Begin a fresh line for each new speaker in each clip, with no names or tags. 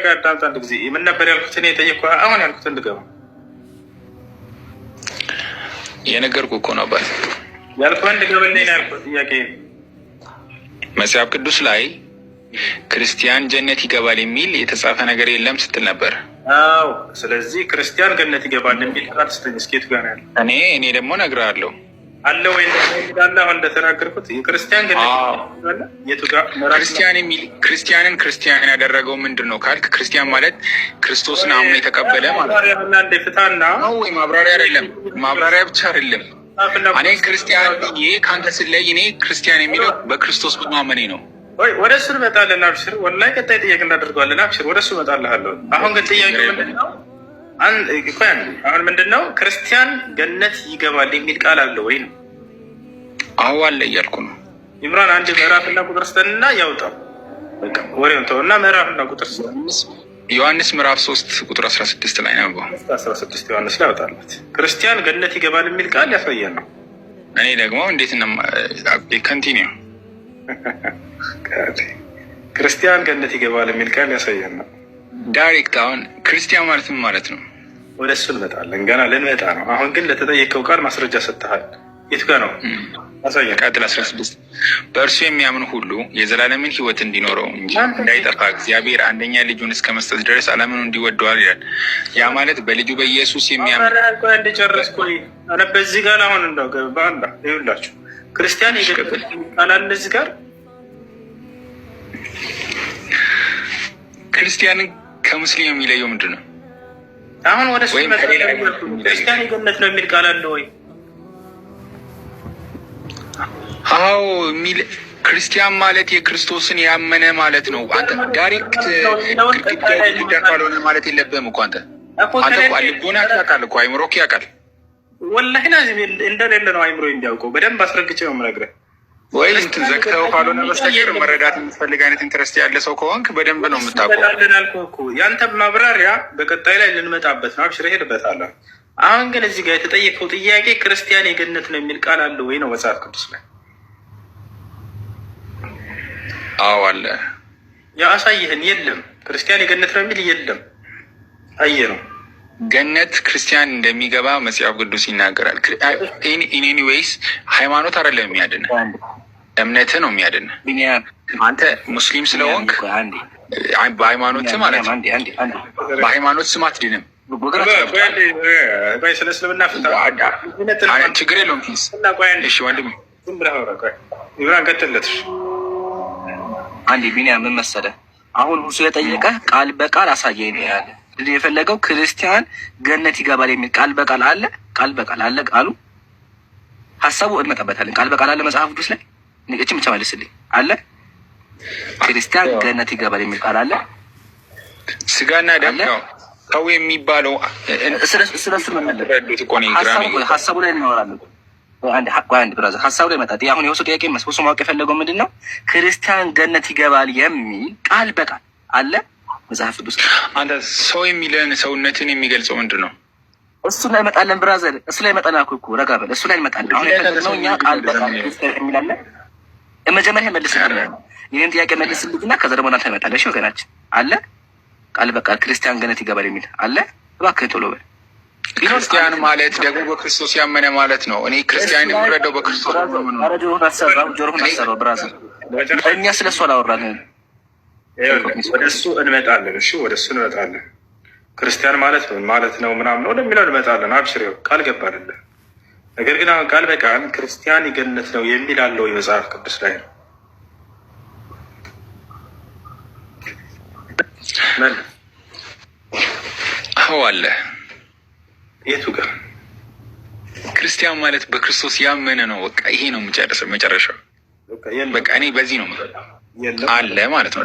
ይረጋዳ። ጊዜ ምን ነበር ያልኩት? እኔ የጠየኩህ አሁን ያልኩት እንድገባ የነገርኩህ እኮ ነው አባት ነው ጥያቄ መጽሐፍ ቅዱስ ላይ ክርስቲያን ጀነት ይገባል የሚል የተጻፈ ነገር የለም ስትል ነበር።
አዎ። ስለዚህ ክርስቲያን ገነት ይገባል የሚል ቃል ስትኝ እስኬት ጋር ያለ እኔ እኔ ደግሞ እነግርሃለሁ አለ ወይ እንዳለ አሁን እንደተናገርኩት ክርስቲያን ግን
ክርስቲያን የሚል ክርስቲያንን ክርስቲያን ያደረገው ምንድን ነው ካልክ ክርስቲያን ማለት ክርስቶስን አምኖ የተቀበለ ማለት
ነው። ወይ ማብራሪያ አይደለም፣ ማብራሪያ ብቻ አይደለም።
እኔ ክርስቲያን ይሄ ከአንተ ስለይ እኔ ክርስቲያን የሚለው በክርስቶስ በማመኔ ነው።
ወደ እሱ እመጣለን። አብሽር ወላሂ፣ ቀጣይ ጥያቄ እናደርገዋለን። አብሽር ወደ እሱ እመጣልሃለሁ። አሁን ግን ጥያቄ ምንድን ነው? አሁን ምንድን ነው ክርስቲያን ገነት ይገባል የሚል ቃል አለ ወይ ነው?
አዎ አለ እያልኩ ነው።
ኢምራን አንድ ምዕራፍና ቁጥር ስጠንና ያውጣው ወሬውን ተውና ምዕራፍና ቁጥር
ዮሐንስ ምዕራፍ ሶስት ቁጥር አስራ ስድስት ላይ ነው።
አስራ ስድስት ዮሐንስ ላይ ያወጣለት ክርስቲያን ገነት ይገባል የሚል ቃል ያሳየን ነው።
እኔ ደግሞ እንዴት ከንቲኒ
ክርስቲያን ገነት ይገባል የሚል ቃል ያሳየን ነው።
ዳይሬክት አሁን ክርስቲያን ማለት ምን ማለት ነው?
ወደ እሱ እንመጣለን። ገና ልንመጣ ነው። አሁን ግን ለተጠየቀው ቃል ማስረጃ ሰጥተሃል። የት ጋ ነው?
ቀጥል። አስራ ስድስት በእርሱ የሚያምን ሁሉ የዘላለምን ህይወት እንዲኖረው እንጂ እንዳይጠፋ እግዚአብሔር አንደኛ ልጁን እስከ መስጠት ድረስ ዓለምን እንዲወደዋል ይላል። ያ ማለት በልጁ በኢየሱስ የሚያምን
እንደጨረስኩ በዚህ ጋር አሁን እንደው በአላ ይሁላችሁ ክርስቲያን ይገጥላል እዚህ ጋር
ክርስቲያንን ከሙስሊም የሚለየው ምንድን ነው?
አሁን ወደ እሱ ክርስቲያን የገነት ነው የሚል ቃል አለ ወይ?
አዎ የሚል ክርስቲያን ማለት የክርስቶስን ያመነ ማለት ነው። አንተ ዳይሬክት ግድግዳ ካልሆነ ማለት የለብህም እኮ አንተ አንተ ልቦና ያውቃል እኮ አይምሮክ ያውቃል።
ወላሂ ላዚም እንደሌለ ነው አይምሮ እንዲያውቀው በደንብ አስረግጬ ነው የምነግርህ
ወይ እንትን ዘግተው ካልሆነ በስተቀር መረዳት የምትፈልግ አይነት ኢንትረስት ያለ ሰው ከሆንክ በደንብ ነው
የምታቆላለናልኩ። ያንተ ማብራሪያ በቀጣይ ላይ ልንመጣበት ነው። አብሽር ሄድበታለ። አሁን ግን እዚህ ጋር የተጠየቀው ጥያቄ ክርስቲያን የገነት ነው የሚል ቃል አለ ወይ ነው መጽሐፍ ቅዱስ ላይ? አዎ አለ። ያ አሳይህን። የለም ክርስቲያን የገነት ነው የሚል የለም። አየ ነው
ገነት ክርስቲያን እንደሚገባ መጽሐፍ ቅዱስ ይናገራል። ኢንኒዌይስ ሃይማኖት አይደለም የሚያድን እምነት ነው የሚያድን። አንተ ሙስሊም ስለሆንክ በሃይማኖት ማለት ነው፣ በሃይማኖት ስም አትድንም። ችግር የለውም ፊስ
እሺ ወንድም አንዴ ቢኒያ ምን መሰለህ አሁን ሁሱ የጠየቀህ ቃል በቃል አሳየ ያለ የፈለገው ክርስቲያን ገነት ይገባል የሚል ቃል በቃል አለ። ቃል በቃል አለ። ቃሉ ሀሳቡ እንመጣበታለን። ቃል በቃል አለ መጽሐፍ ቅዱስ ላይ እችን ብቻ መልስልኝ አለ። ክርስቲያን ገነት ይገባል የሚል ቃል አለ።
ስጋና ደም ነው ሰው የሚባለው
ስለሱ ሀሳቡ ላይ እንኖራለን። አንድ ብራዘር ሀሳቡ ላይ መጣ። አሁን የውሱ ጥያቄ ሱ ማወቅ የፈለገው ምንድን ነው? ክርስቲያን ገነት ይገባል የሚል ቃል በቃል አለ መጽሐፍ ቅዱስ
አንተ ሰው የሚለን ሰውነትን የሚገልጸው ምንድን ነው?
እሱ ላይ መጣለን ብራዘር፣ እሱ ላይ መጣለን አልኩህ እኮ ረጋ በል። እሱ ላይ መጣለን። አሁን የተገነው እኛ ቃል በቃል መጀመሪያ መልስ ይህን ጥያቄ መልስልኝና ከዛ ደግሞ እናንተ ይመጣል። እሺ ወገናችን አለ ቃል በቃል ክርስቲያን ገነት ይገባል የሚል አለ። እባክህ ቶሎ በል።
ክርስቲያን ማለት ደግሞ በክርስቶስ ያመነ ማለት ነው። እኔ ክርስቲያን የምረዳው በክርስቶስ
ጆሮህን አሰራው፣ ጆሮህን አሰራው ብራዘር። እኛ ስለሱ አላወራንም። ወደ እሱ እንመጣለን። እሺ ወደ እሱ እንመጣለን። ክርስቲያን ማለት ነው ማለት ነው ምናምን ነው ለሚለው እንመጣለን። አብሽር ቃል ገባልለ። ነገር ግን አሁን ቃል በቃል ክርስቲያን የገነት ነው የሚል አለው የመጽሐፍ ቅዱስ ላይ ነው። አዎ አለ። የቱ ጋር
ክርስቲያን ማለት በክርስቶስ ያመነ ነው። በቃ ይሄ ነው መጨረሻው። በቃ እኔ በዚህ ነው አለ ማለት ነው።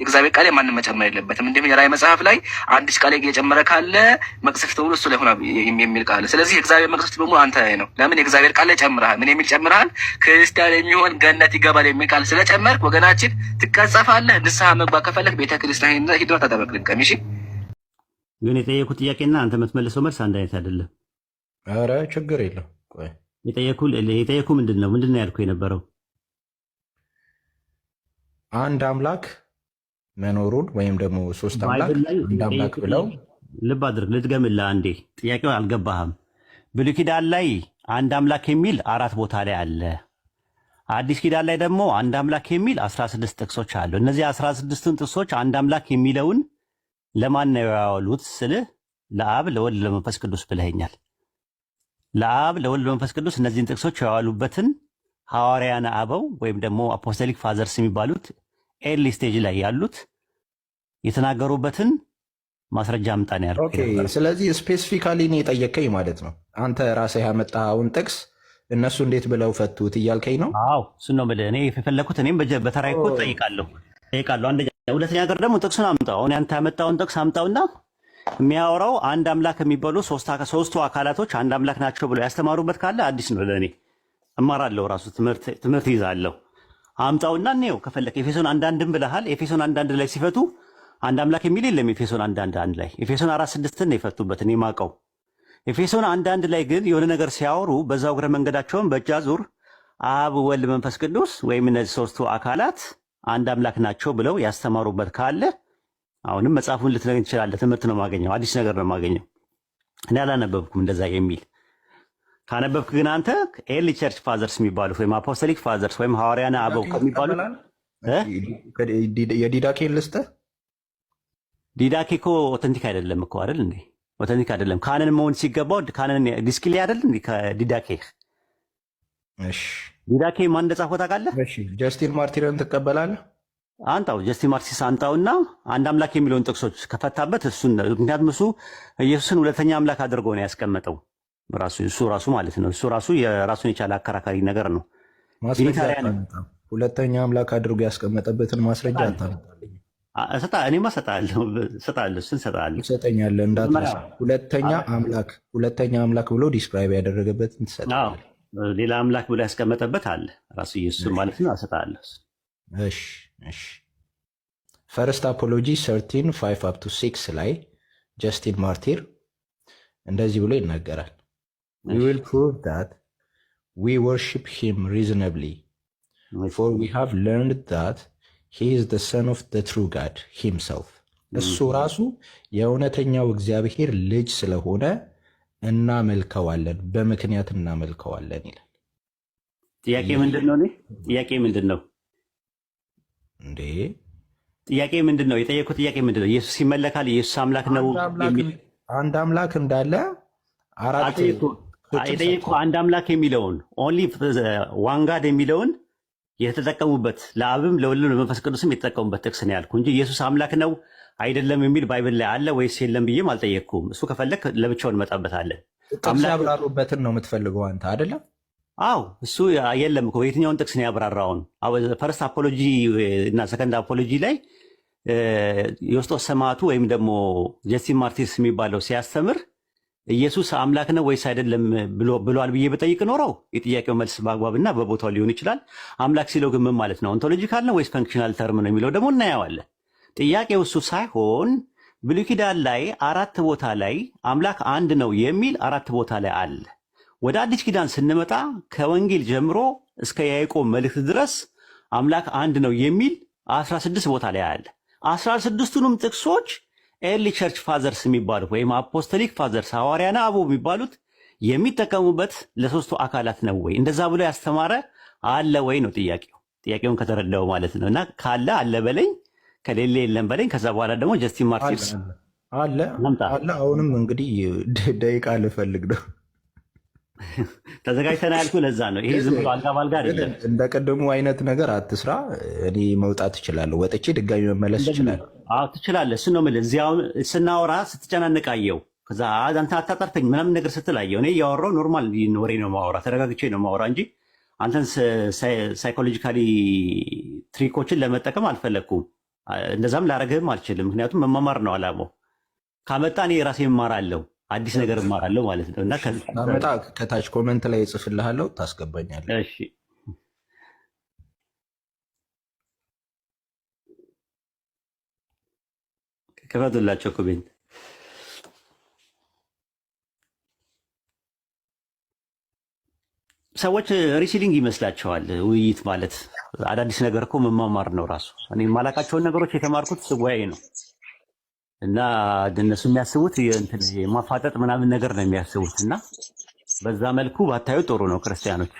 የእግዚአብሔር ቃል ማንም መጨመር የለበትም። እንዲሁም የራእይ መጽሐፍ ላይ አንድች ቃል እየጨመረ ካለ መቅሰፍት ተብሎ እሱ ላይ የሚል ቃል። ስለዚህ የእግዚአብሔር መቅሰፍት በሙሉ አንተ ላይ ነው። ለምን የእግዚአብሔር ቃል ላይ ጨምረሃል። ምን የሚል ጨምረሃል? ክርስቲያን የሚሆን ገነት ይገባል የሚል ቃል ስለጨመርክ ወገናችን ትቀጸፋለህ። ንስሐ መግባት ከፈለግ ቤተ ክርስቲያን ሂድና ተጠመቅ። እሺ። ግን የጠየኩት ጥያቄና አንተ የምትመልሰው መልስ አንድ አይነት አይደለም።
ኧረ ችግር የለም።
የጠየኩህ ምንድን ነው ምንድን ነው የነበረው
አንድ አምላክ መኖሩን ወይም ደግሞ ሶስት አምላክ አንድ አምላክ ብለው
ልብ አድርግ። ልድገምልህ አንዴ፣ ጥያቄው አልገባህም። ብሉይ ኪዳን ላይ አንድ አምላክ የሚል አራት ቦታ ላይ አለ። አዲስ ኪዳን ላይ ደግሞ አንድ አምላክ የሚል 16 ጥቅሶች አሉ። እነዚህ 16ቱን ጥቅሶች አንድ አምላክ የሚለውን ለማን ነው ያዋሉት ስልህ ለአብ ለወልድ ለመንፈስ ቅዱስ ብለኸኛል። ለአብ ለወልድ ለመንፈስ ቅዱስ እነዚህን ጥቅሶች ያዋሉበትን ሐዋርያነ አበው ወይም ደግሞ አፖስቶሊክ ፋዘርስ የሚባሉት ኤርሊ ስቴጅ ላይ ያሉት የተናገሩበትን ማስረጃ አምጣ
ነው ስለዚህ ስፔሲፊካሊ እኔ የጠየቀኝ ማለት ነው አንተ ራስህ ያመጣኸውን ጥቅስ እነሱ እንዴት ብለው ፈቱት እያልከኝ ነው?
አዎ እሱ ነው ብለህ እኔ የፈለግኩት እኔም በተራይ እኮ ጠይቃለሁ ጠይቃለሁ። አንደኛ፣ ሁለተኛ ነገር ደግሞ ጥቅሱን አምጣው። አሁን ያንተ ያመጣውን ጥቅስ አምጣውና የሚያወራው አንድ አምላክ የሚበሉ ሶስቱ አካላቶች አንድ አምላክ ናቸው ብለው ያስተማሩበት ካለ አዲስ ነው ለእኔ እማራለሁ። ራሱ ትምህርት ይዛለሁ። አምጣውና እንየው ከፈለክ ኤፌሶን አንዳንድም ብለሃል። ኤፌሶን አንዳንድ ላይ ሲፈቱ አንድ አምላክ የሚል የለም። ኤፌሶን አንዳንድ አንድ ላይ ኤፌሶን አራት ስድስትን ነው የፈቱበት እኔ ማቀው። ኤፌሶን አንዳንድ ላይ ግን የሆነ ነገር ሲያወሩ በዛው እግረ መንገዳቸውን በእጅ ዙር አብ ወልድ መንፈስ ቅዱስ ወይም እነዚህ ሶስቱ አካላት አንድ አምላክ ናቸው ብለው ያስተማሩበት ካለ አሁንም መጽሐፉን ልትነግረኝ ትችላለህ። ትምህርት ነው የማገኘው፣ አዲስ ነገር ነው የማገኘው። እኔ አላነበብኩም እንደዛ የሚል ካነበብክ ግን አንተ ኤርሊ ቸርች ፋዘርስ የሚባሉት ወይም አፖስቶሊክ ፋዘርስ ወይም ሐዋርያነ አበው
ከሚባሉት የዲዳኬ ልስተ
ዲዳኬ እኮ ኦተንቲክ አይደለም እኮ አይደል እንዴ? ኦተንቲክ አይደለም። ካነን መሆን ሲገባው ዲስክ ላይ አይደል እንዴ? ከዲዳኬ ዲዳኬ ማን እንደጻፈው ታውቃለህ?
ጀስቲን ማርቲረን ትቀበላለህ?
አንጣው ጀስቲን ማርቲስ አንጣውና አንድ አምላክ የሚለውን ጥቅሶች ከፈታበት እሱን ምክንያቱም እሱ ኢየሱስን ሁለተኛ አምላክ አድርጎ ነው ያስቀመጠው። ራሱ እሱ ራሱ ማለት ነው። እሱ ራሱ የራሱን የቻለ አከራካሪ ነገር ነው።
ሁለተኛ አምላክ አድርጎ ያስቀመጠበትን ማስረጃ አታመጣልኝ።
እኔማ እሰጥሃለሁ እሰጥሃለሁ እሰጥሃለሁ
ሁለተኛ አምላክ ሁለተኛ አምላክ ብሎ ዲስክራይብ ያደረገበትን
ትሰጠኛለህ። ሌላ አምላክ ብሎ ያስቀመጠበት አለ ራሱ ኢየሱስ ማለት ነው። እሰጥሃለሁ።
እሺ እሺ። ፈርስት አፖሎጂ ሰርቲን ፋይቭ አፕ ቱ ሲክስ ላይ ጀስቲን ማርቲር እንደዚህ ብሎ ይናገራል። we will prove that we worship him reasonably for we have learned that he is the son of the true God himself mm-hmm. እሱ ራሱ የእውነተኛው እግዚአብሔር ልጅ ስለሆነ እናመልከዋለን በምክንያት እናመልከዋለን ይላል
ጥያቄ ምንድን ነው ጥያቄ ምንድን ነው እንዴ ጥያቄ ምንድን ነው የጠየኩት ጥያቄ ምንድን ነው ኢየሱስ ይመለካል ኢየሱስ አምላክ ነው
አንድ አምላክ እንዳለ አራት
አይጠይቁ አንድ አምላክ የሚለውን ኦንሊ ዋን ጋድ የሚለውን የተጠቀሙበት ለአብም ለወልድም ለመንፈስ ቅዱስም የተጠቀሙበት ጥቅስ ነው ያልኩ እንጂ ኢየሱስ አምላክ ነው አይደለም የሚል ባይብል ላይ አለ ወይስ የለም ብዬም አልጠየቅኩም። እሱ ከፈለግ ለብቻው እንመጣበታለን።
ጥቅስ ያብራሩበትን ነው የምትፈልገው አንተ አደለም?
አው እሱ የለም እኮ የትኛውን ጥቅስ ነው ያብራራውን? ፈርስት አፖሎጂ እና ሰከንድ አፖሎጂ ላይ የውስጦ ሰማዕቱ ወይም ደግሞ ጀስቲን ማርቲስ የሚባለው ሲያስተምር ኢየሱስ አምላክ ነው ወይስ አይደለም ብሏል ብዬ በጠይቅ ኖረው የጥያቄው መልስ በአግባብና በቦታው ሊሆን ይችላል። አምላክ ሲለው ግን ምን ማለት ነው? ኦንቶሎጂካል ነው ወይስ ፈንክሽናል ተርም ነው የሚለው ደግሞ እናየዋለን። ጥያቄው እሱ ሳይሆን ብሉይ ኪዳን ላይ አራት ቦታ ላይ አምላክ አንድ ነው የሚል አራት ቦታ ላይ አለ። ወደ አዲስ ኪዳን ስንመጣ ከወንጌል ጀምሮ እስከ ያዕቆብ መልእክት ድረስ አምላክ አንድ ነው የሚል 16 ቦታ ላይ አለ። 16ቱንም ጥቅሶች ኤርሊ ቸርች ፋዘርስ የሚባሉት ወይም አፖስቶሊክ ፋዘርስ ሐዋርያና አቡ የሚባሉት የሚጠቀሙበት ለሶስቱ አካላት ነው ወይ? እንደዛ ብሎ ያስተማረ አለ ወይ ነው ጥያቄው። ጥያቄውን ከተረዳው ማለት ነው። እና ካለ አለ በለኝ፣ ከሌለ የለም በለኝ። ከዛ በኋላ ደግሞ ጀስቲን ማርቲርስ
አለ አለ። አሁንም እንግዲህ ደቂቃ ልፈልግ ነው
ተዘጋጅተና ያልኩ ለዛ ነው። ይሄ ዝም ብሎ አልጋ ባልጋ አይደለም።
እንደ ቀደሙ አይነት ነገር አትስራ። እኔ መውጣት እችላለሁ፣ ወጥቼ ድጋሚ መመለስ እችላለሁ።
ትችላለህ። እሱን ነው የምልህ። እዚህ ስናወራ ስትጨናነቃየው ከዛ አንተ አታጠርተኝ ምናምን ነገር ስትላየው፣ እኔ እያወራው ኖርማል ወሬ ነው ማወራ፣ ተረጋግቼ ነው ማወራ እንጂ አንተን ሳይኮሎጂካሊ ትሪኮችን ለመጠቀም አልፈለግኩም። እንደዛም ላረግህም አልችልም። ምክንያቱም መማማር ነው አላማው። ካመጣ እኔ ራሴ እማራለሁ። አዲስ ነገር እማራለሁ ማለት ነው። እና
መጣ ከታች ኮመንት ላይ እጽፍልሃለሁ፣ ታስገባኛለህ።
እሺ ከፈቱላቸው ኮሜንት ሰዎች ሪሲሊንግ ይመስላቸዋል። ውይይት ማለት አዳዲስ ነገር እኮ መማማር ነው ራሱ። እኔ የማላውቃቸውን ነገሮች የተማርኩት ስጓዬ ነው። እና እነሱ የሚያስቡት ማፋጠጥ ምናምን ነገር ነው የሚያስቡት እና በዛ መልኩ ባታዩ ጥሩ ነው ክርስቲያኖች